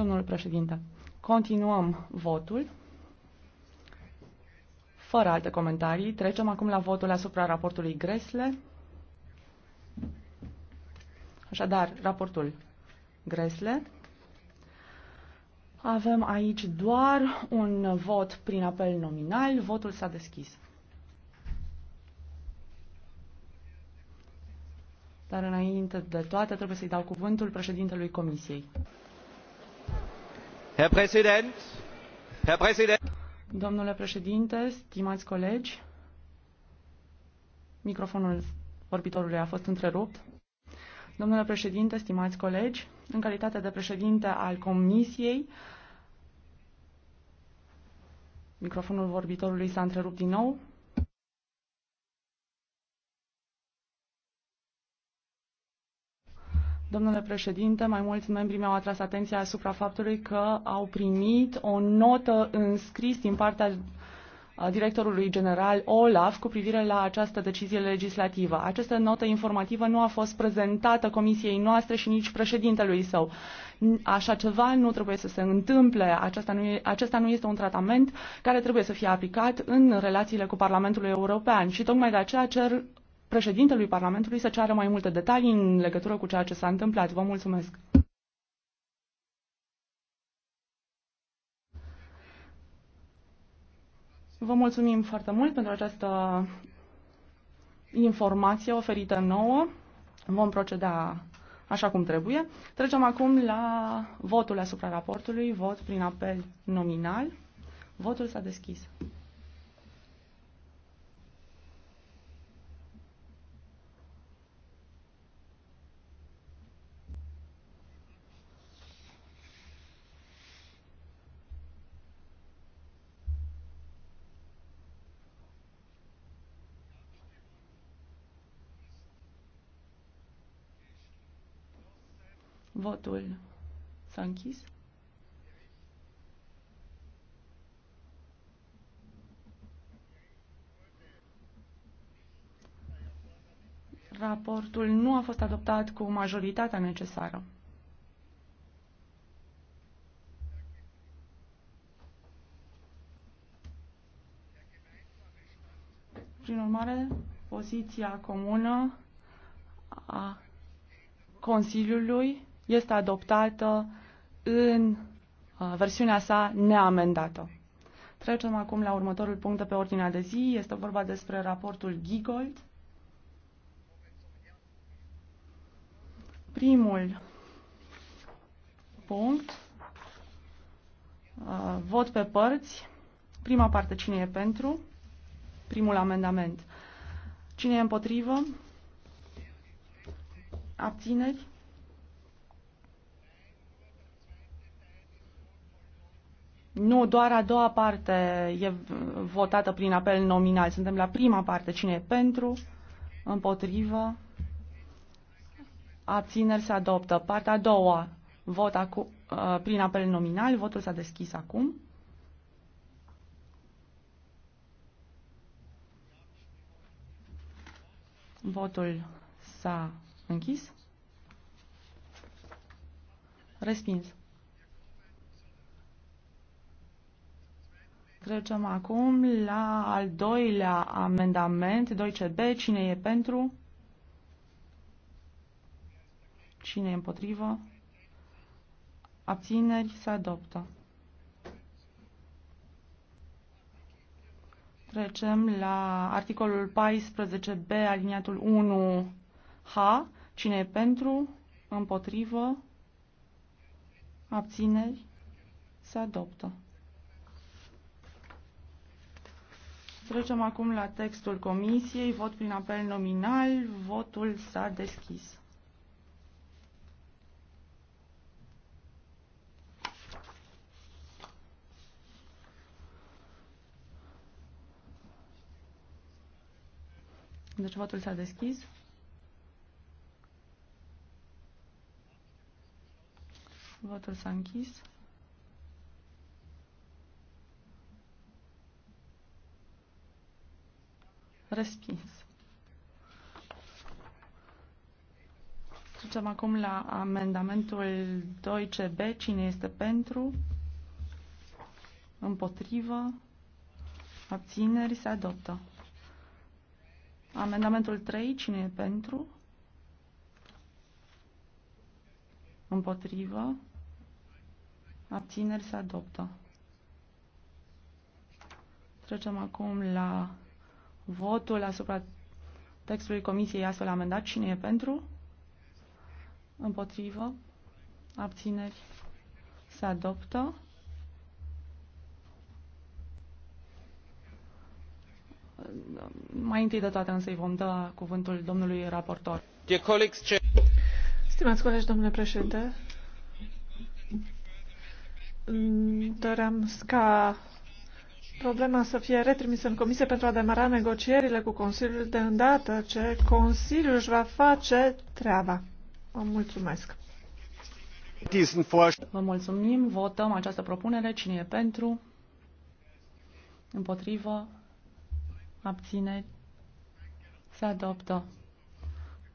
Domnul președinte, continuăm votul. Fără alte comentarii, trecem acum la votul asupra raportului Gresle. Așadar, raportul Gresle. Avem aici doar un vot prin apel nominal. Votul s-a deschis. Dar înainte de toate trebuie să-i dau cuvântul președintelui Comisiei. Domnule președinte, stimați colegi, microfonul vorbitorului a fost întrerupt. Domnule președinte, stimați colegi, în calitate de președinte al Comisiei, microfonul vorbitorului s-a întrerupt din nou. Domnule președinte, mai mulți membri mi-au atras atenția asupra faptului că au primit o notă înscris din partea directorului general Olaf cu privire la această decizie legislativă. Această notă informativă nu a fost prezentată comisiei noastre și nici președintelui său. Așa ceva nu trebuie să se întâmple. Aceasta nu e, acesta nu este un tratament care trebuie să fie aplicat în relațiile cu Parlamentul European și tocmai de aceea cer președintelui Parlamentului să ceară mai multe detalii în legătură cu ceea ce s-a întâmplat. Vă mulțumesc! Vă mulțumim foarte mult pentru această informație oferită nouă. Vom proceda așa cum trebuie. Trecem acum la votul asupra raportului, vot prin apel nominal. Votul s-a deschis. Votul s-a închis. Raportul nu a fost adoptat cu majoritatea necesară. Prin urmare, poziția comună a Consiliului este adoptată în uh, versiunea sa neamendată. Trecem acum la următorul punct de pe ordinea de zi. Este vorba despre raportul Gigold. Primul punct, uh, vot pe părți. Prima parte, cine e pentru? Primul amendament. Cine e împotrivă? Abțineri? Nu, doar a doua parte e votată prin apel nominal. Suntem la prima parte. Cine e pentru? Împotrivă? Abțineri se adoptă. Partea a doua, vot acu- uh, prin apel nominal. Votul s-a deschis acum. Votul s-a închis. Respins. Trecem acum la al doilea amendament, 2CB. Cine e pentru? Cine e împotrivă? Abțineri se adoptă. Trecem la articolul 14b, aliniatul 1h. Cine e pentru? Împotrivă? Abțineri? Se adoptă. Trecem acum la textul comisiei. Vot prin apel nominal. Votul s-a deschis. Deci votul s-a deschis. Votul s-a închis. Respins. Trecem acum la amendamentul 2CB. Cine este pentru? Împotrivă? Abțineri? Se adoptă. Amendamentul 3. Cine e pentru? Împotrivă? Abțineri? Se adoptă. Trecem acum la votul asupra textului comisiei astfel amendat. Cine e pentru? Împotrivă? Abțineri? Se adoptă. Mai întâi de toate însă îi vom da cuvântul domnului raportor. Stimați colegi, domnule președinte, doream ca problema să fie retrimisă în comisie pentru a demara negocierile cu Consiliul de îndată ce Consiliul își va face treaba. Vă mulțumesc. Vă mulțumim. Votăm această propunere. Cine e pentru? Împotrivă? Abține? Se adoptă.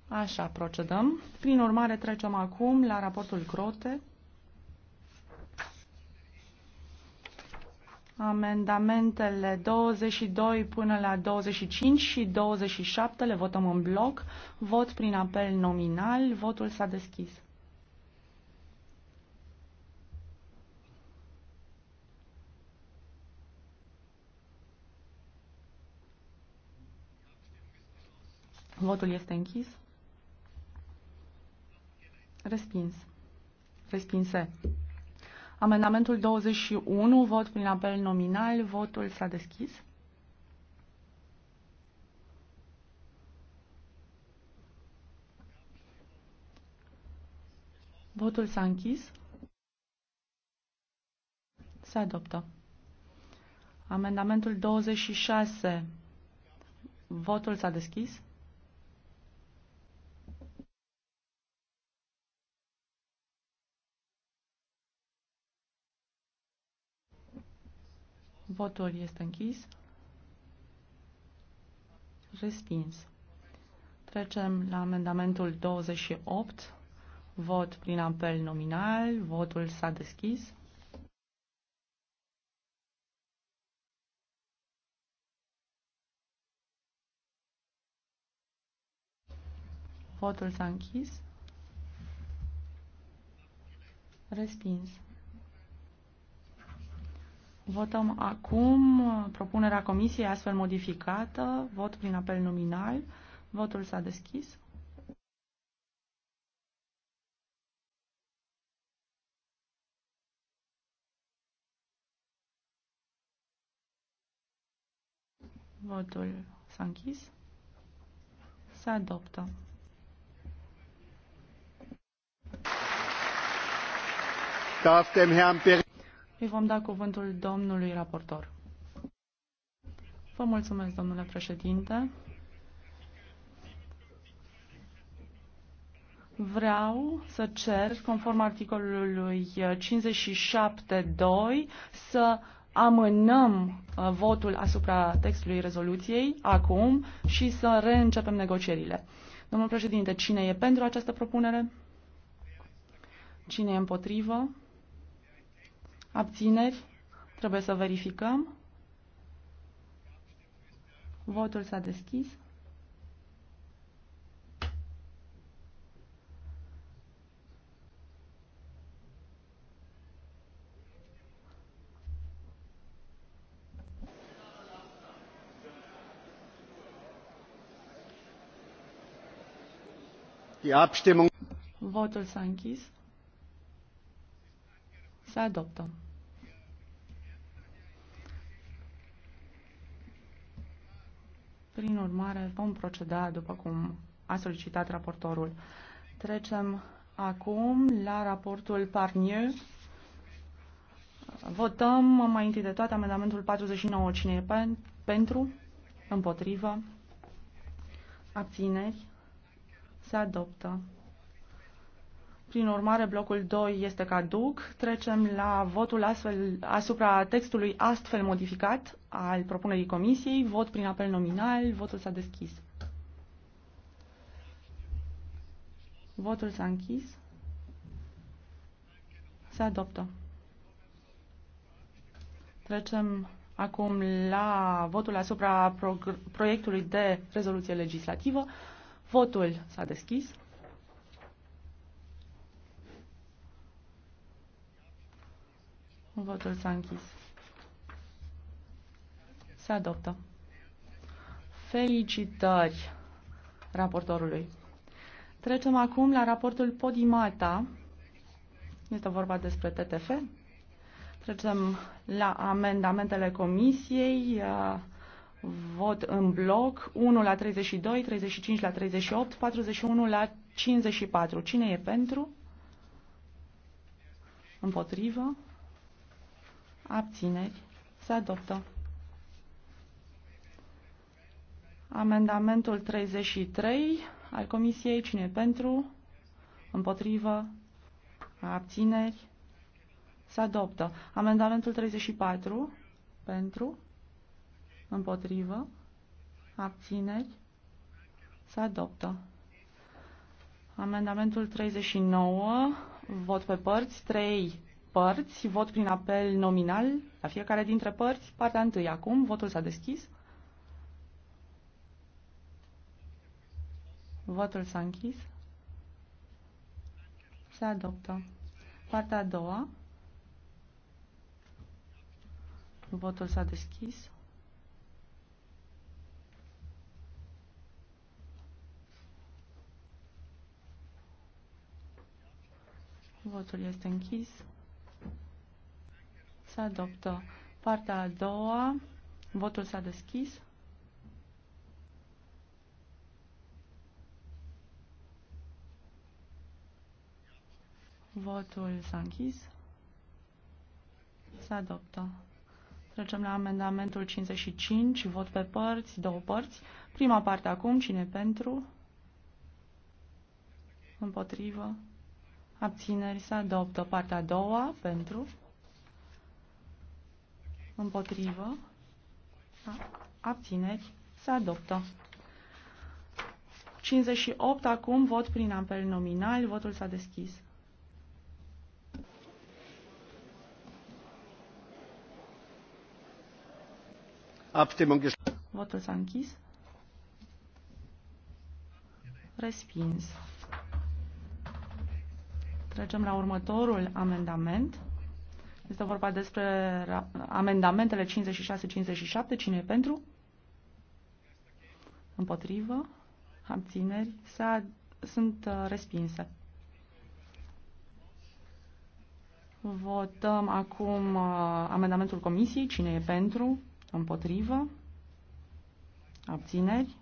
Așa procedăm. Prin urmare, trecem acum la raportul Grote. Amendamentele 22 până la 25 și 27 le votăm în bloc. Vot prin apel nominal. Votul s-a deschis. Votul este închis. Respins. Respinse. Amendamentul 21, vot prin apel nominal, votul s-a deschis. Votul s-a închis. Se adoptă. Amendamentul 26. Votul s-a deschis. Votul este închis. Respins. Trecem la amendamentul 28. Vot prin apel nominal. Votul s-a deschis. Votul s-a închis. Respins. Votăm acum propunerea comisiei astfel modificată, vot prin apel nominal. Votul s-a deschis. Votul s-a închis. Se adoptă. Darf dem Herrn îi vom da cuvântul domnului raportor. Vă mulțumesc, domnule președinte. Vreau să cer, conform articolului 57.2, să amânăm uh, votul asupra textului rezoluției acum și să reîncepem negocierile. Domnul președinte, cine e pentru această propunere? Cine e împotrivă? Abțineri? Trebuie să verificăm. Votul s-a deschis. Votul s-a închis. Se adoptă. Prin urmare, vom proceda după cum a solicitat raportorul. Trecem acum la raportul Parnier. Votăm mai întâi de toate amendamentul 49. Cine e pen pentru? Împotrivă? Abțineri? Se adoptă. Prin urmare, blocul 2 este caduc. Trecem la votul astfel, asupra textului astfel modificat al propunerii comisiei. Vot prin apel nominal. Votul s-a deschis. Votul s-a închis. Se adoptă. Trecem acum la votul asupra proiectului de rezoluție legislativă. Votul s-a deschis. Votul s-a închis. Se adoptă. Felicitări raportorului. Trecem acum la raportul Podimata. Este vorba despre TTF. Trecem la amendamentele comisiei. Uh, vot în bloc 1 la 32, 35 la 38, 41 la 54. Cine e pentru? Împotrivă? Abțineri. Se adoptă. Amendamentul 33 al Comisiei. Cine pentru? Împotrivă? Abțineri? Se adoptă. Amendamentul 34. Pentru? Împotrivă? Abțineri? Se adoptă. Amendamentul 39. Vot pe părți. 3 părți, vot prin apel nominal la fiecare dintre părți. Partea întâi acum, votul s-a deschis. Votul s-a închis. Se adoptă. Partea a doua. Votul s-a deschis. Votul este închis se adoptă. Partea a doua, votul s-a deschis. Votul s-a închis. Se adoptă. Trecem la amendamentul 55, vot pe părți, două părți. Prima parte acum, cine pentru? Împotrivă. Abțineri se adoptă. Partea a doua, pentru împotrivă, abțineri, se adoptă. 58, acum vot prin apel nominal, votul s-a deschis. Votul s-a închis. Respins. Trecem la următorul amendament. Este vorba despre amendamentele 56-57. Cine e pentru? Împotrivă? Abțineri? S-a, sunt uh, respinse. Votăm acum uh, amendamentul comisiei. Cine e pentru? Împotrivă? Abțineri?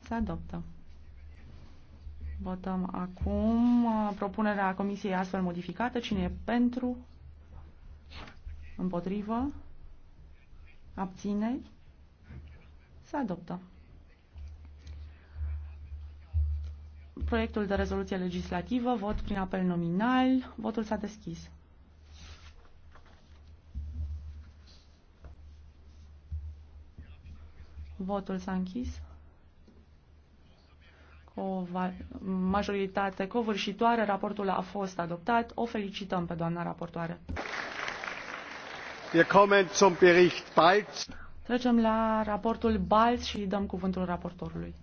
Se adoptă. Votăm acum uh, propunerea comisiei astfel modificată. Cine e pentru? Împotrivă? Abține? Se adoptă. Proiectul de rezoluție legislativă, vot prin apel nominal, votul s-a deschis. Votul s-a închis o majoritate covârșitoare. Raportul a fost adoptat. O felicităm pe doamna raportoare. Wir kommen zum Bericht Balz. Trecem la raportul Balz și dăm cuvântul raportorului.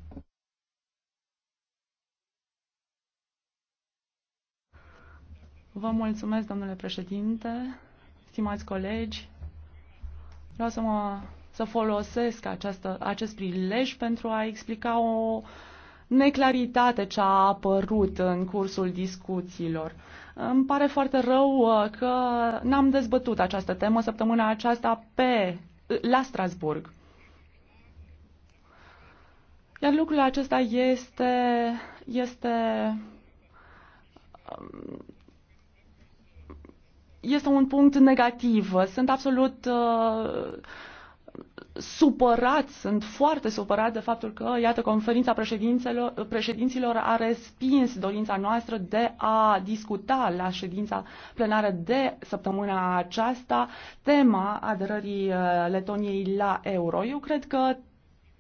Vă mulțumesc, domnule președinte, stimați colegi. Vreau să, mă, să folosesc această, acest prilej pentru a explica o uh, neclaritate ce a apărut în cursul discuțiilor. Îmi pare foarte rău uh, că n-am dezbătut această temă săptămâna aceasta pe, uh, la Strasburg. Iar lucrul acesta este, este, um, este un punct negativ. Sunt absolut uh, supărați, sunt foarte supărați de faptul că, iată, conferința președinților a respins dorința noastră de a discuta la ședința plenară de săptămâna aceasta tema aderării uh, Letoniei la euro. Eu cred că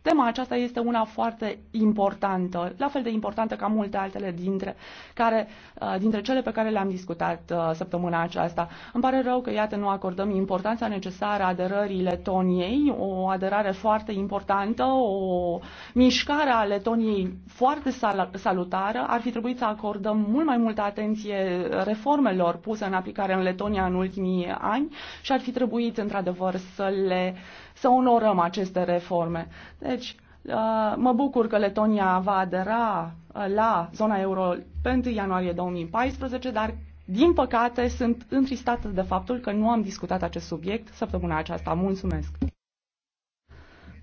Tema aceasta este una foarte importantă, la fel de importantă ca multe altele dintre, care, uh, dintre cele pe care le-am discutat uh, săptămâna aceasta. Îmi pare rău că, iată, nu acordăm importanța necesară aderării Letoniei, o aderare foarte importantă, o mișcare a Letoniei foarte salutară. Ar fi trebuit să acordăm mult mai multă atenție reformelor puse în aplicare în Letonia în ultimii ani și ar fi trebuit, într-adevăr, să le uh, să onorăm aceste reforme. Deci, uh, mă bucur că Letonia va adera uh, la zona euro pe 1 ianuarie 2014, dar din păcate sunt întristată de faptul că nu am discutat acest subiect săptămâna aceasta. Mulțumesc!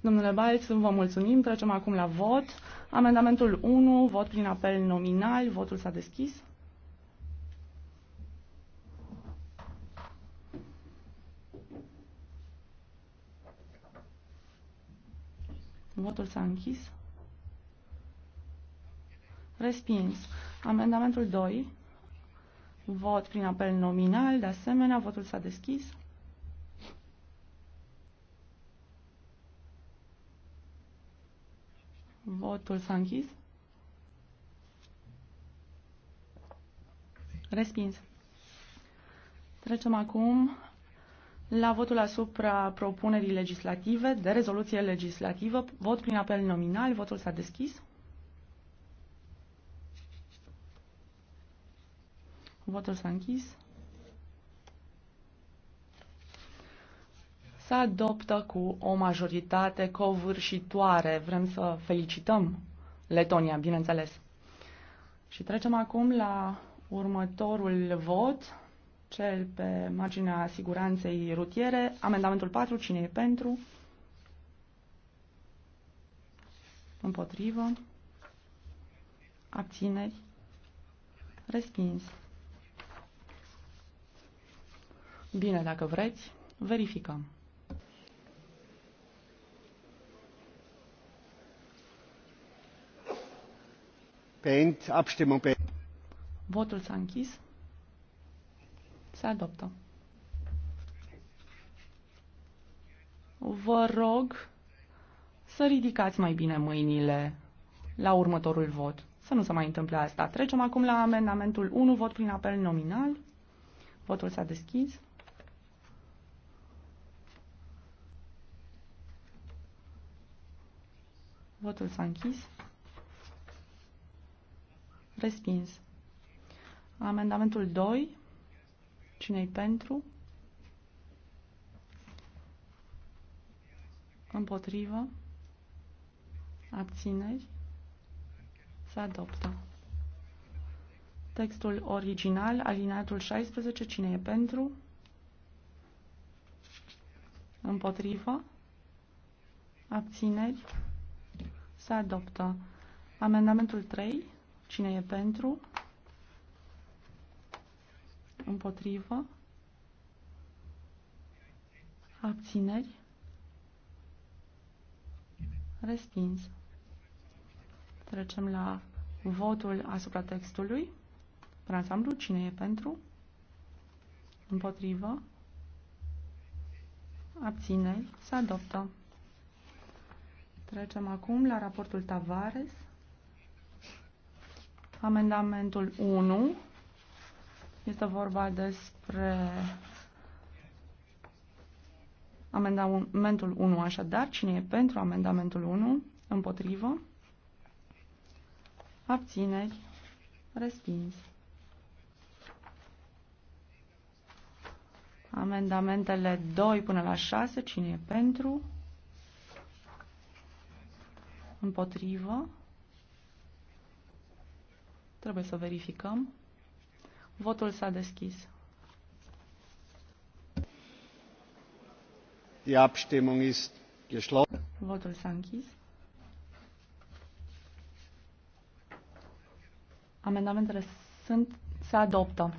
Domnule Balț, vă mulțumim. Trecem acum la vot. Amendamentul 1, vot prin apel nominal. Votul s-a deschis. Votul s-a închis. Respins. Amendamentul 2. Vot prin apel nominal. De asemenea, votul s-a deschis. Votul s-a închis. Respins. Trecem acum la votul asupra propunerii legislative, de rezoluție legislativă, vot prin apel nominal, votul s-a deschis. Votul s-a închis. Se adoptă cu o majoritate covârșitoare. Vrem să felicităm Letonia, bineînțeles. Și trecem acum la următorul vot cel pe marginea siguranței rutiere. Amendamentul 4, cine e pentru? Împotrivă. Abțineri. Respins. Bine, dacă vreți, verificăm. Pent. Abstimmung beend. Votul s-a închis. Se adoptă. Vă rog să ridicați mai bine mâinile la următorul vot. Să nu se mai întâmple asta. Trecem acum la amendamentul 1, vot prin apel nominal. Votul s-a deschis. Votul s-a închis. Respins. Amendamentul 2. Cine-i pentru? Împotrivă? Abțineri? Se adoptă. Textul original, alineatul 16, cine e pentru? Împotrivă? Abțineri? Se adoptă. Amendamentul 3, cine e pentru? Împotrivă. Abțineri. Respins. Trecem la votul asupra textului. Pe ansamblu, cine e pentru? Împotrivă. Abțineri. Se adoptă. Trecem acum la raportul Tavares. Amendamentul 1 este vorba despre amendamentul 1, așadar, cine e pentru amendamentul 1, împotrivă, abțineri, respins. Amendamentele 2 până la 6, cine e pentru, împotrivă, trebuie să verificăm. Votul s-a deschis. Die Abstimmung ist geschlossen. Votul s-a închis. Amendamentele sunt, se adoptă.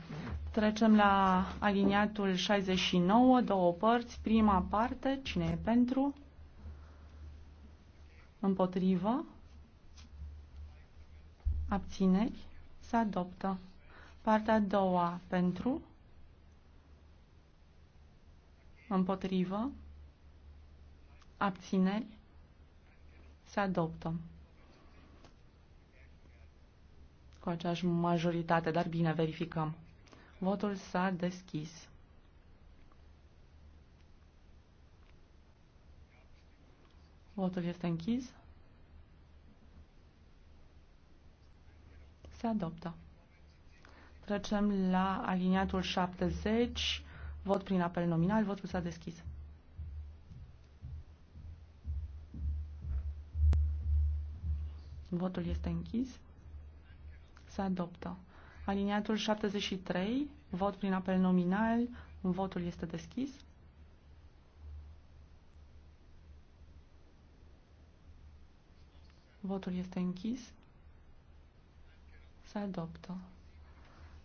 Trecem la aliniatul 69, două părți. Prima parte, cine e pentru? Împotrivă? Abțineri? Se adoptă. Partea a doua pentru, împotrivă, abțineri, se adoptă. Cu aceeași majoritate, dar bine, verificăm. Votul s-a deschis. Votul este închis. Se adoptă. Trecem la aliniatul 70, vot prin apel nominal, votul s-a deschis. Votul este închis. Se adoptă. Aliniatul 73, vot prin apel nominal, votul este deschis. Votul este închis. Se adoptă.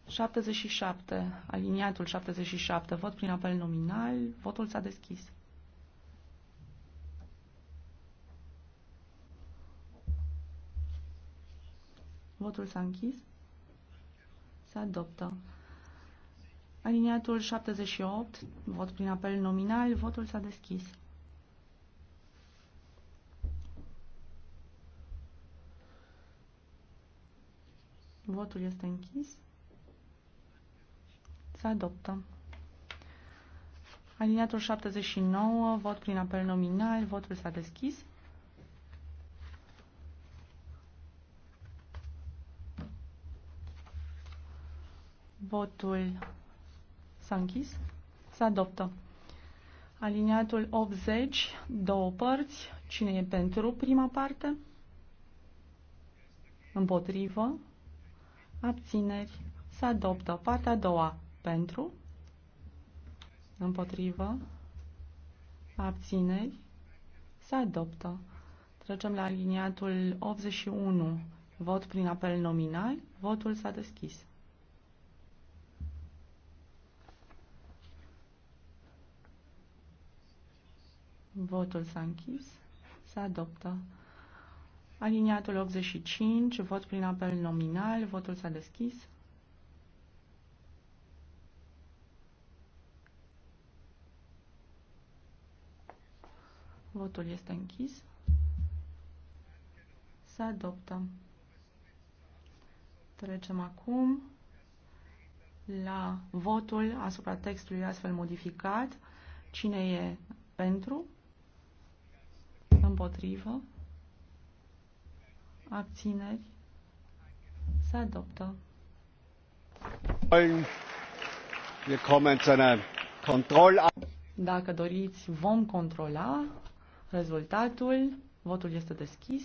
77, aliniatul 77, vot prin apel nominal, votul s-a deschis. Votul s-a închis. Se adoptă. Aliniatul 78, vot prin apel nominal, votul s-a deschis. Votul este închis. Se adoptă. Aliniatul 79, vot prin apel nominal, votul s-a deschis. Votul s-a închis. Se adoptă. Aliniatul 80, două părți. Cine e pentru prima parte? Împotrivă. Abțineri. Se adoptă. Partea a doua. Pentru? Împotrivă? Abțineri? Se adoptă. Trecem la aliniatul 81. Vot prin apel nominal. Votul s-a deschis. Votul s-a închis. Se adoptă. Aliniatul 85, vot prin apel nominal, votul s-a deschis. Votul este închis. Se adoptă. Trecem acum la votul asupra textului astfel modificat. Cine e pentru? Împotrivă? Abțineri? Se adoptă. Dacă doriți, vom controla rezultatul. Votul este deschis.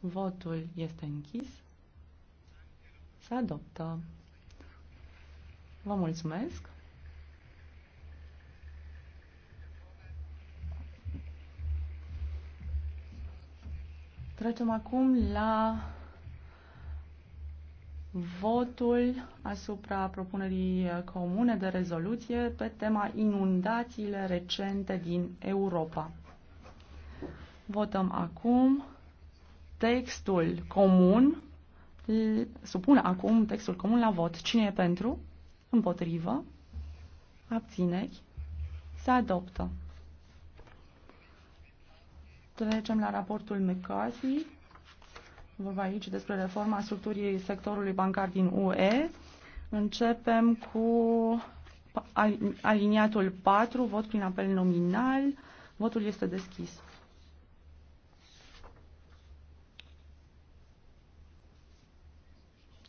Votul este închis. Se adoptă. Vă mulțumesc. Trecem acum la votul asupra propunerii comune de rezoluție pe tema inundațiile recente din Europa. Votăm acum textul comun. Supun acum textul comun la vot. Cine e pentru? Împotrivă? Abțineri? Se adoptă. Trecem la raportul McCarthy vorba aici despre reforma structurii sectorului bancar din UE. Începem cu aliniatul 4, vot prin apel nominal. Votul este deschis.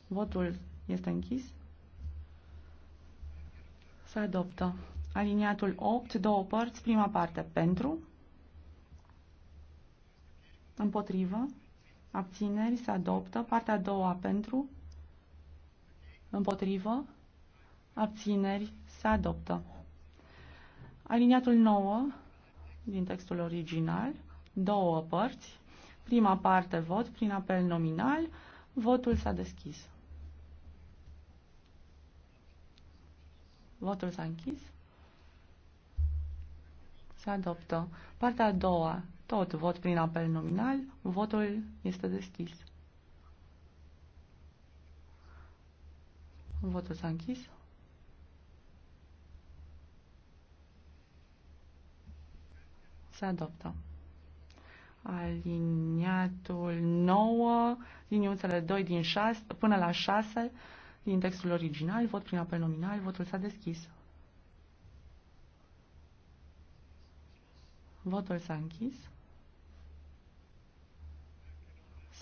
Votul este închis. Se adoptă. Aliniatul 8, două părți, prima parte pentru, împotrivă, abțineri se adoptă. Partea a doua pentru, împotrivă, abțineri se adoptă. Aliniatul 9 din textul original, două părți. Prima parte vot prin apel nominal, votul s-a deschis. Votul s-a închis. Se adoptă. Partea a doua tot vot prin apel nominal. Votul este deschis. Votul s-a închis. Se adoptă. Aliniatul 9, liniuțele 2 din 6, până la 6 din textul original, vot prin apel nominal, votul s-a deschis. Votul s-a închis.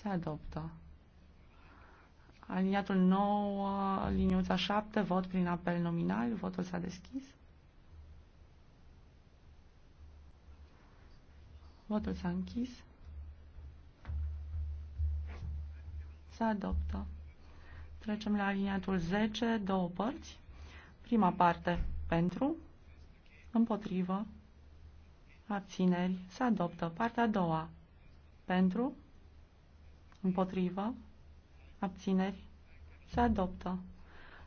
se adoptă. Aliniatul 9, liniuța 7, vot prin apel nominal, votul s-a deschis. Votul s-a închis. Se adoptă. Trecem la aliniatul 10, două părți. Prima parte pentru, împotrivă, abțineri, se adoptă. Partea a doua pentru, Împotrivă. Abțineri. Se adoptă.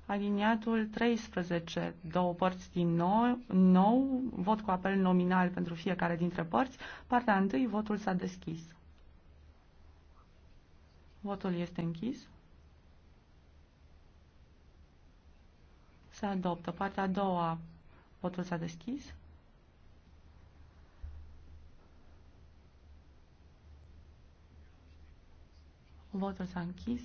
Aliniatul 13, două părți din nou, nou, vot cu apel nominal pentru fiecare dintre părți. Partea întâi, votul s-a deschis. Votul este închis. Se adoptă. Partea a doua, votul s-a deschis. Votul s-a închis.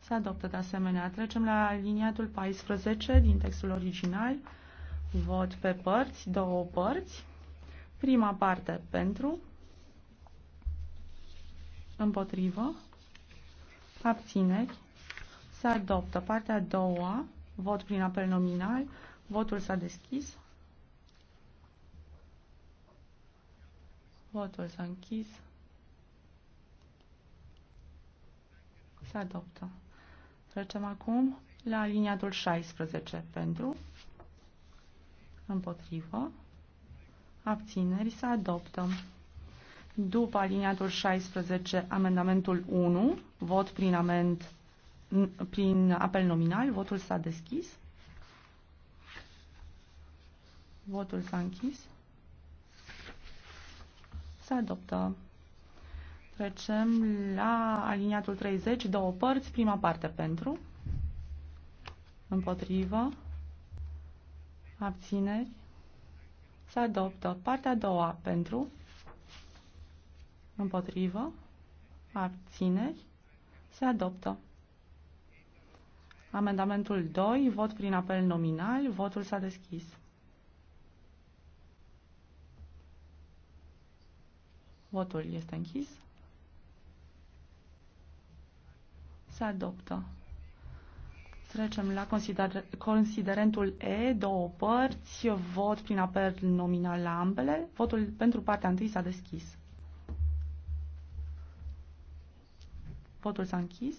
Se adoptă de asemenea. Trecem la aliniatul 14 din textul original. Vot pe părți, două părți. Prima parte pentru, împotrivă, abțineri, se adoptă. Partea a doua, vot prin apel nominal, votul s-a deschis. Votul s-a închis. Se adoptă. Trecem acum la aliniatul 16 pentru, împotrivă, abțineri, se adoptă. După aliniatul 16, amendamentul 1, vot prin, amend, prin apel nominal, votul s-a deschis. Votul s-a închis se adoptă. Trecem la aliniatul 30, două părți, prima parte pentru, împotrivă, abțineri, se adoptă. Partea a doua pentru, împotrivă, abțineri, se adoptă. Amendamentul 2, vot prin apel nominal, votul s-a deschis. Votul este închis. Se adoptă. Trecem la consider considerentul E, două părți, vot prin apel nominal la ambele. Votul pentru partea întâi s-a deschis. Votul s-a închis.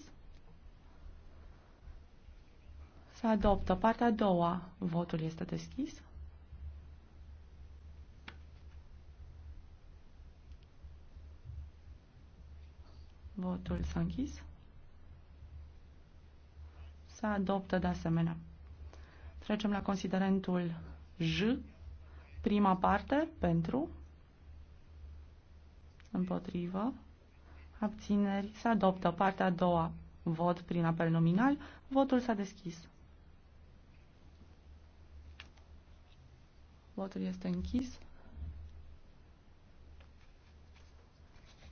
Se adoptă partea a doua. Votul este deschis. Votul s-a închis. Se adoptă de asemenea. Trecem la considerentul J, prima parte, pentru, împotrivă, abțineri, se adoptă partea a doua, vot prin apel nominal, votul s-a deschis. Votul este închis.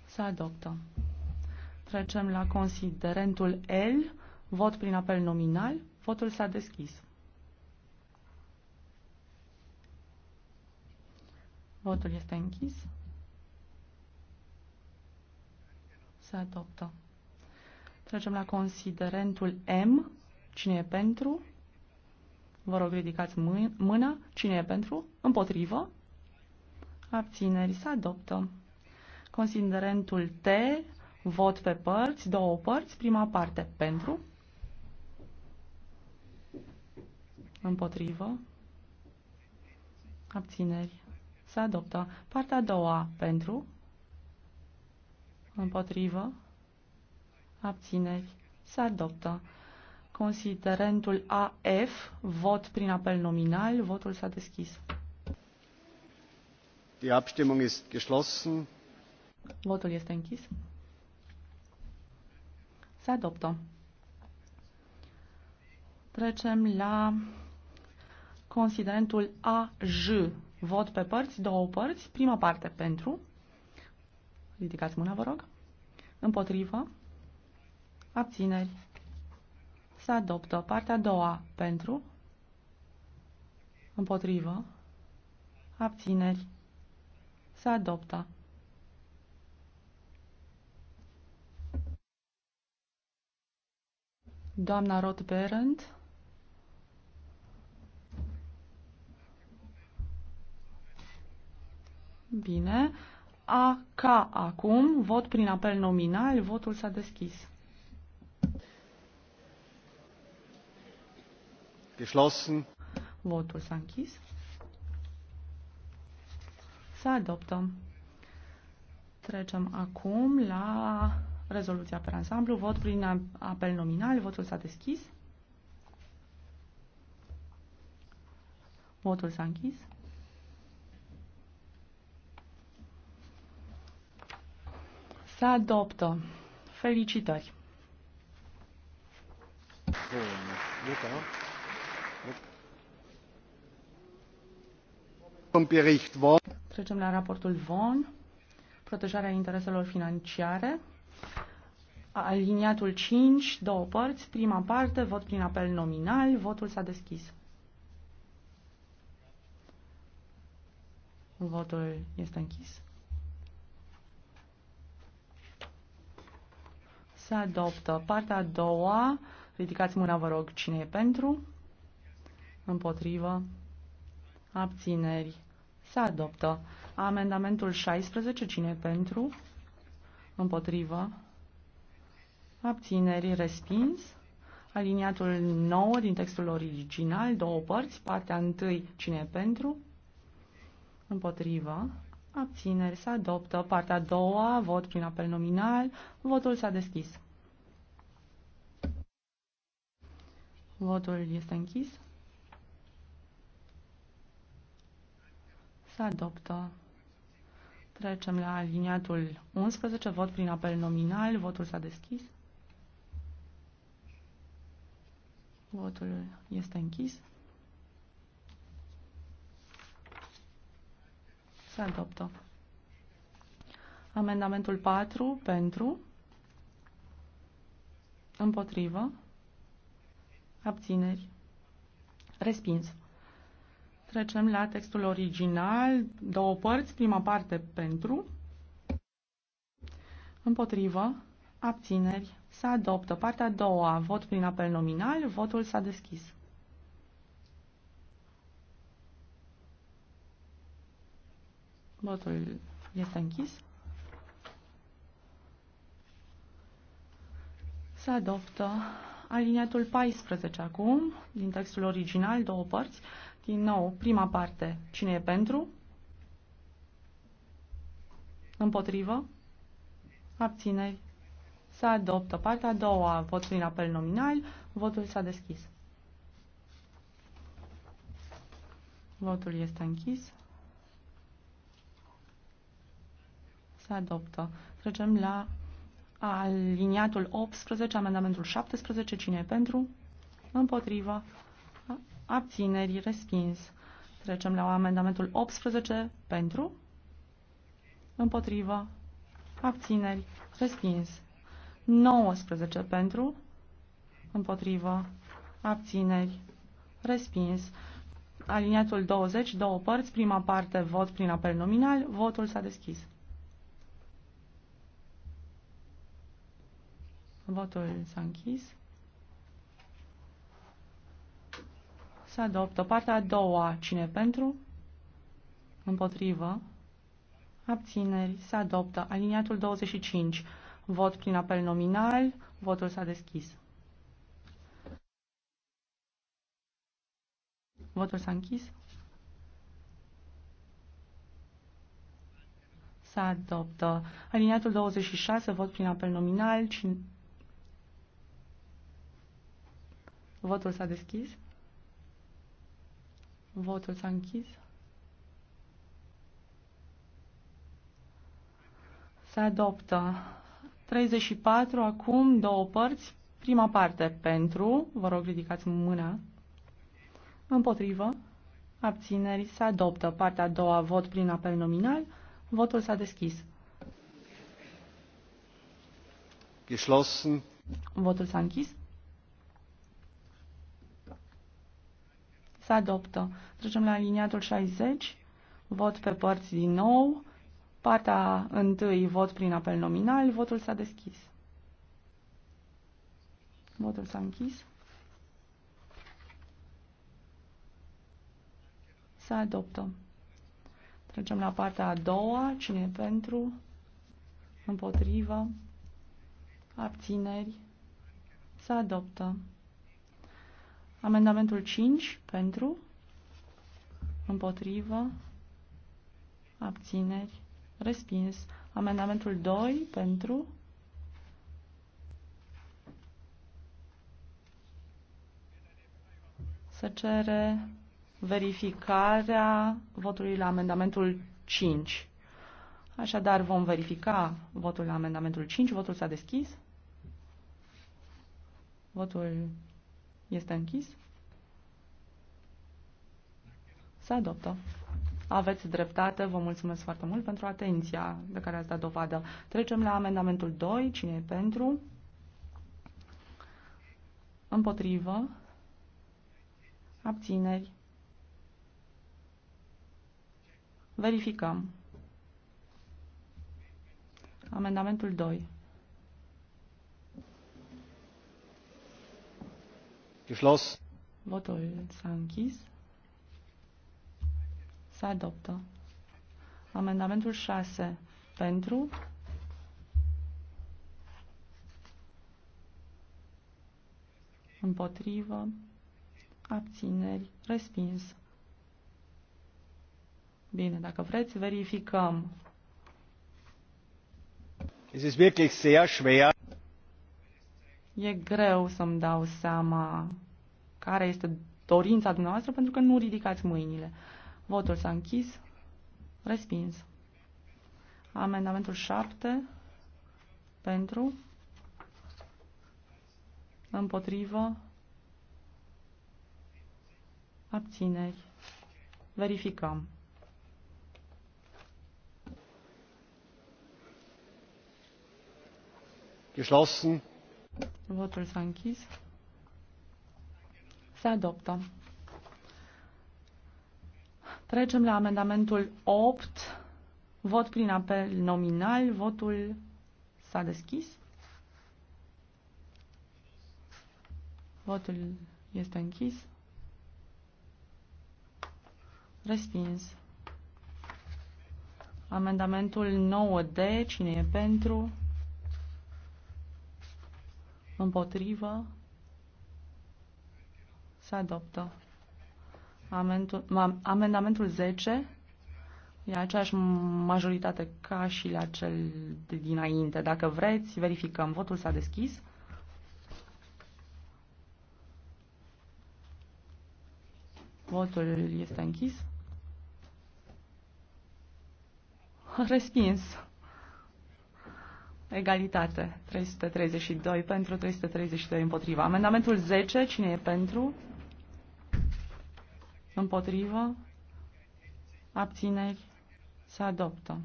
Se adoptă. Trecem la considerentul L, vot prin apel nominal. Votul s-a deschis. Votul este închis. Se adoptă. Trecem la considerentul M. Cine e pentru? Vă rog, ridicați mâna. Cine e pentru? Împotrivă? Abțineri. Se adoptă. Considerentul T. Vot pe părți, două părți, prima parte pentru, împotrivă, abțineri, se adoptă. Partea a doua pentru, împotrivă, abțineri, se adoptă. Considerentul AF, vot prin apel nominal, votul s-a deschis. Die Abstimmung ist geschlossen. Votul este închis. Se adoptă. Trecem la considerentul AJ. Vot pe părți, două părți. Prima parte pentru. Ridicați mâna, vă rog. Împotrivă. Abțineri. Se adoptă. Partea a doua pentru. Împotrivă. Abțineri. Se adoptă. Doamna Roth Berend. Bine. A, ca acum, vot prin apel nominal, votul s-a deschis. Geschlossen. Votul s-a închis. Să adoptăm. Trecem acum la rezoluția pe ansamblu. Vot prin apel nominal. Votul s-a deschis. Votul s-a închis. Se adoptă. Felicitări! Trecem la raportul VON, protejarea intereselor financiare. Aliniatul 5, două părți, prima parte, vot prin apel nominal, votul s-a deschis. Votul este închis. Se adoptă. Partea a doua, ridicați mâna, vă rog, cine e pentru, împotrivă, abțineri, se adoptă. Amendamentul 16, cine e pentru, Împotrivă. Abțineri respins. Aliniatul 9 din textul original, două părți, partea 1, cine e pentru? Împotrivă. Abțineri se adoptă. Partea a doua, vot prin apel nominal. Votul s-a deschis. Votul este închis. Se adoptă. Trecem la aliniatul 11, vot prin apel nominal. Votul s-a deschis. Votul este închis. Se adoptă. Amendamentul 4 pentru, împotrivă, abțineri, respins. Trecem la textul original, două părți, prima parte pentru, împotrivă, abțineri, se adoptă. Partea a doua, vot prin apel nominal, votul s-a deschis. Votul este închis. Se adoptă aliniatul 14 acum, din textul original, două părți. Din nou, prima parte. Cine e pentru? Împotrivă? Abțineri? Se adoptă. Partea a doua, vot prin apel nominal. Votul s-a deschis. Votul este închis. Se adoptă. Trecem la aliniatul 18, amendamentul 17. Cine e pentru? Împotrivă? abțineri, respins. Trecem la amendamentul 18 pentru, împotrivă, abțineri, respins. 19 pentru, împotrivă, abțineri, respins. Aliniatul 20, două părți, prima parte vot prin apel nominal, votul s-a deschis. Votul s-a închis. Se adoptă. Partea a doua. Cine pentru? Împotrivă. Abțineri. Se adoptă. Aliniatul 25. Vot prin apel nominal. Votul s-a deschis. Votul s-a închis. Se adoptă. Aliniatul 26, vot prin apel nominal. Cine... Votul s-a deschis. Votul s-a închis. Se adoptă. 34, acum două părți. Prima parte pentru, vă rog ridicați mâna, împotrivă, abțineri, se adoptă. Partea a doua, vot prin apel nominal, votul s-a deschis. Geschlossen. Votul s-a închis. Se adoptă. Trecem la aliniatul 60. Vot pe părți din nou. Partea întâi, vot prin apel nominal. Votul s-a deschis. Votul s-a închis. Se adoptă. Trecem la partea a doua. Cine e pentru? Împotrivă? Abțineri? Se adoptă. Amendamentul 5 pentru, împotrivă, abțineri, respins. Amendamentul 2 pentru, să cere verificarea votului la amendamentul 5. Așadar, vom verifica votul la amendamentul 5. Votul s-a deschis. Votul este închis. Se adoptă. Aveți dreptate, vă mulțumesc foarte mult pentru atenția de care ați dat dovadă. Trecem la amendamentul 2. Cine e pentru? Împotrivă? Abțineri? Verificăm. Amendamentul 2. Geschloss. Votul s-a închis. Se adoptă. Amendamentul 6. Pentru. Împotrivă. Abțineri. Respins. Bine, dacă vreți, verificăm. Es ist wirklich sehr schwer. E greu să-mi dau seama care este dorința dumneavoastră pentru că nu ridicați mâinile. Votul s-a închis. Respins. Amendamentul 7 pentru împotrivă abțineri. Verificăm. Geschlossen. Votul s-a închis. Se adoptă. Trecem la amendamentul 8. Vot prin apel nominal. Votul s-a deschis. Votul este închis. Respins. Amendamentul 9D. Cine e pentru? Împotrivă. Se adoptă. Amendul, amendamentul 10 e aceeași majoritate ca și la cel de dinainte. Dacă vreți, verificăm. Votul s-a deschis. Votul este închis. Respins. Egalitate. 332 pentru, 332 împotriva. Amendamentul 10. Cine e pentru? Împotrivă? Abțineri? Se adoptă.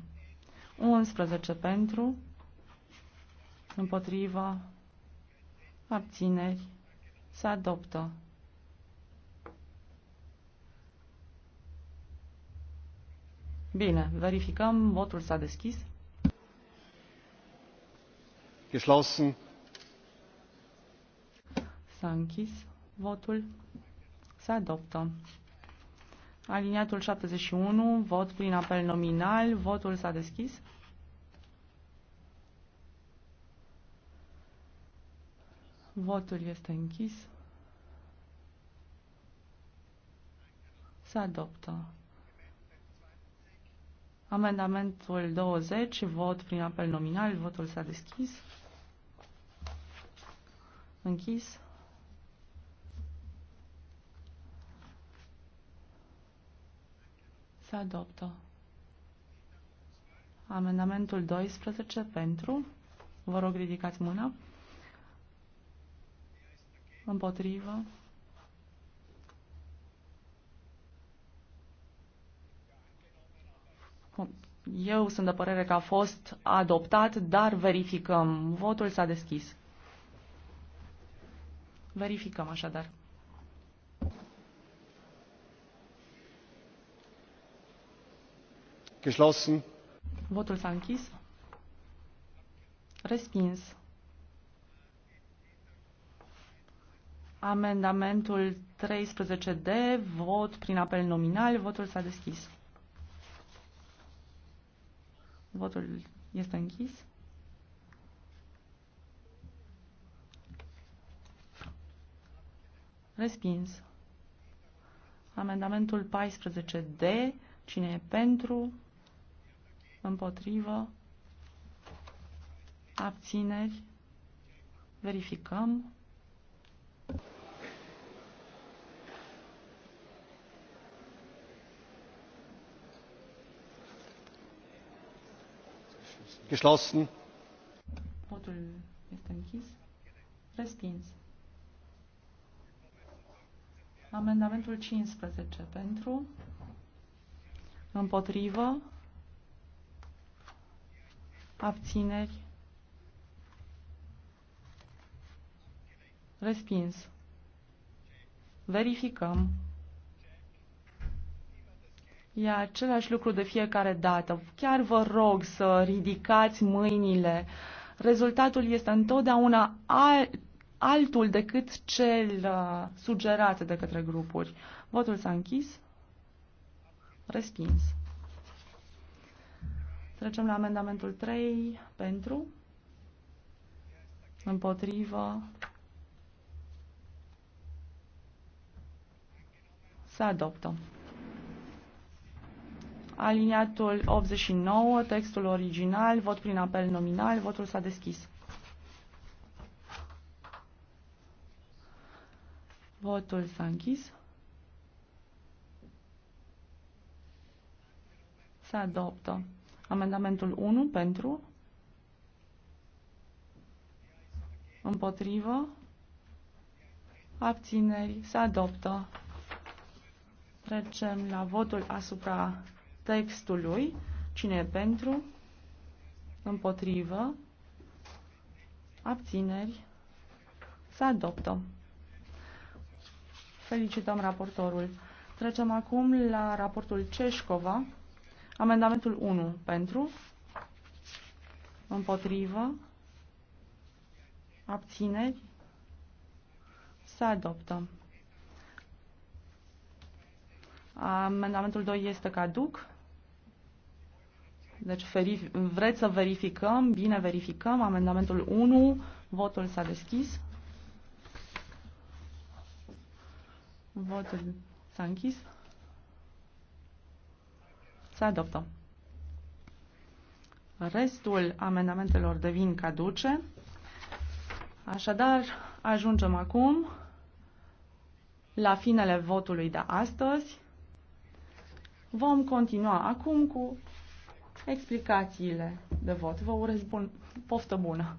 11 pentru? Împotrivă? Abțineri? Se adoptă. Bine, verificăm. Votul s-a deschis. Geschlossen. s votul. Se adoptă. Aliniatul 71, vot prin apel nominal, votul s-a deschis. Votul este închis. Se adoptă. Amendamentul 20, vot prin apel nominal, votul s-a deschis închis. Se adoptă. Amendamentul 12 pentru. Vă rog, ridicați mâna. Împotrivă. Eu sunt de părere că a fost adoptat, dar verificăm. Votul s-a deschis. Verificăm așadar. Geschlossen. Votul s-a închis. Respins. Amendamentul 13D, vot prin apel nominal, votul s-a deschis. Votul este închis. Respins. Amendamentul 14D. Cine e pentru? Împotrivă? Abțineri? Verificăm. Geschlossen. Votul este închis. Respins. Amendamentul 15 pentru, împotrivă, abțineri, respins. Verificăm. E același lucru de fiecare dată. Chiar vă rog să ridicați mâinile. Rezultatul este întotdeauna al altul decât cel uh, sugerat de către grupuri. Votul s-a închis. Respins. Trecem la amendamentul 3 pentru, împotrivă, se adoptă. Aliniatul 89, textul original, vot prin apel nominal, votul s-a deschis. Votul s-a închis. Se adoptă. Amendamentul 1 pentru. Împotrivă. Abțineri. Se adoptă. Trecem la votul asupra textului. Cine e pentru? Împotrivă. Abțineri. Se adoptă. Felicităm raportorul. Trecem acum la raportul Ceșcova. Amendamentul 1 pentru, împotrivă, abțineri, se adoptă. Amendamentul 2 este caduc. Deci vreți să verificăm, bine verificăm, amendamentul 1, votul s-a deschis. Votul s-a închis. Se adoptă. Restul amendamentelor devin caduce. Așadar, ajungem acum la finele votului de astăzi. Vom continua acum cu explicațiile de vot. Vă urez bun, poftă bună!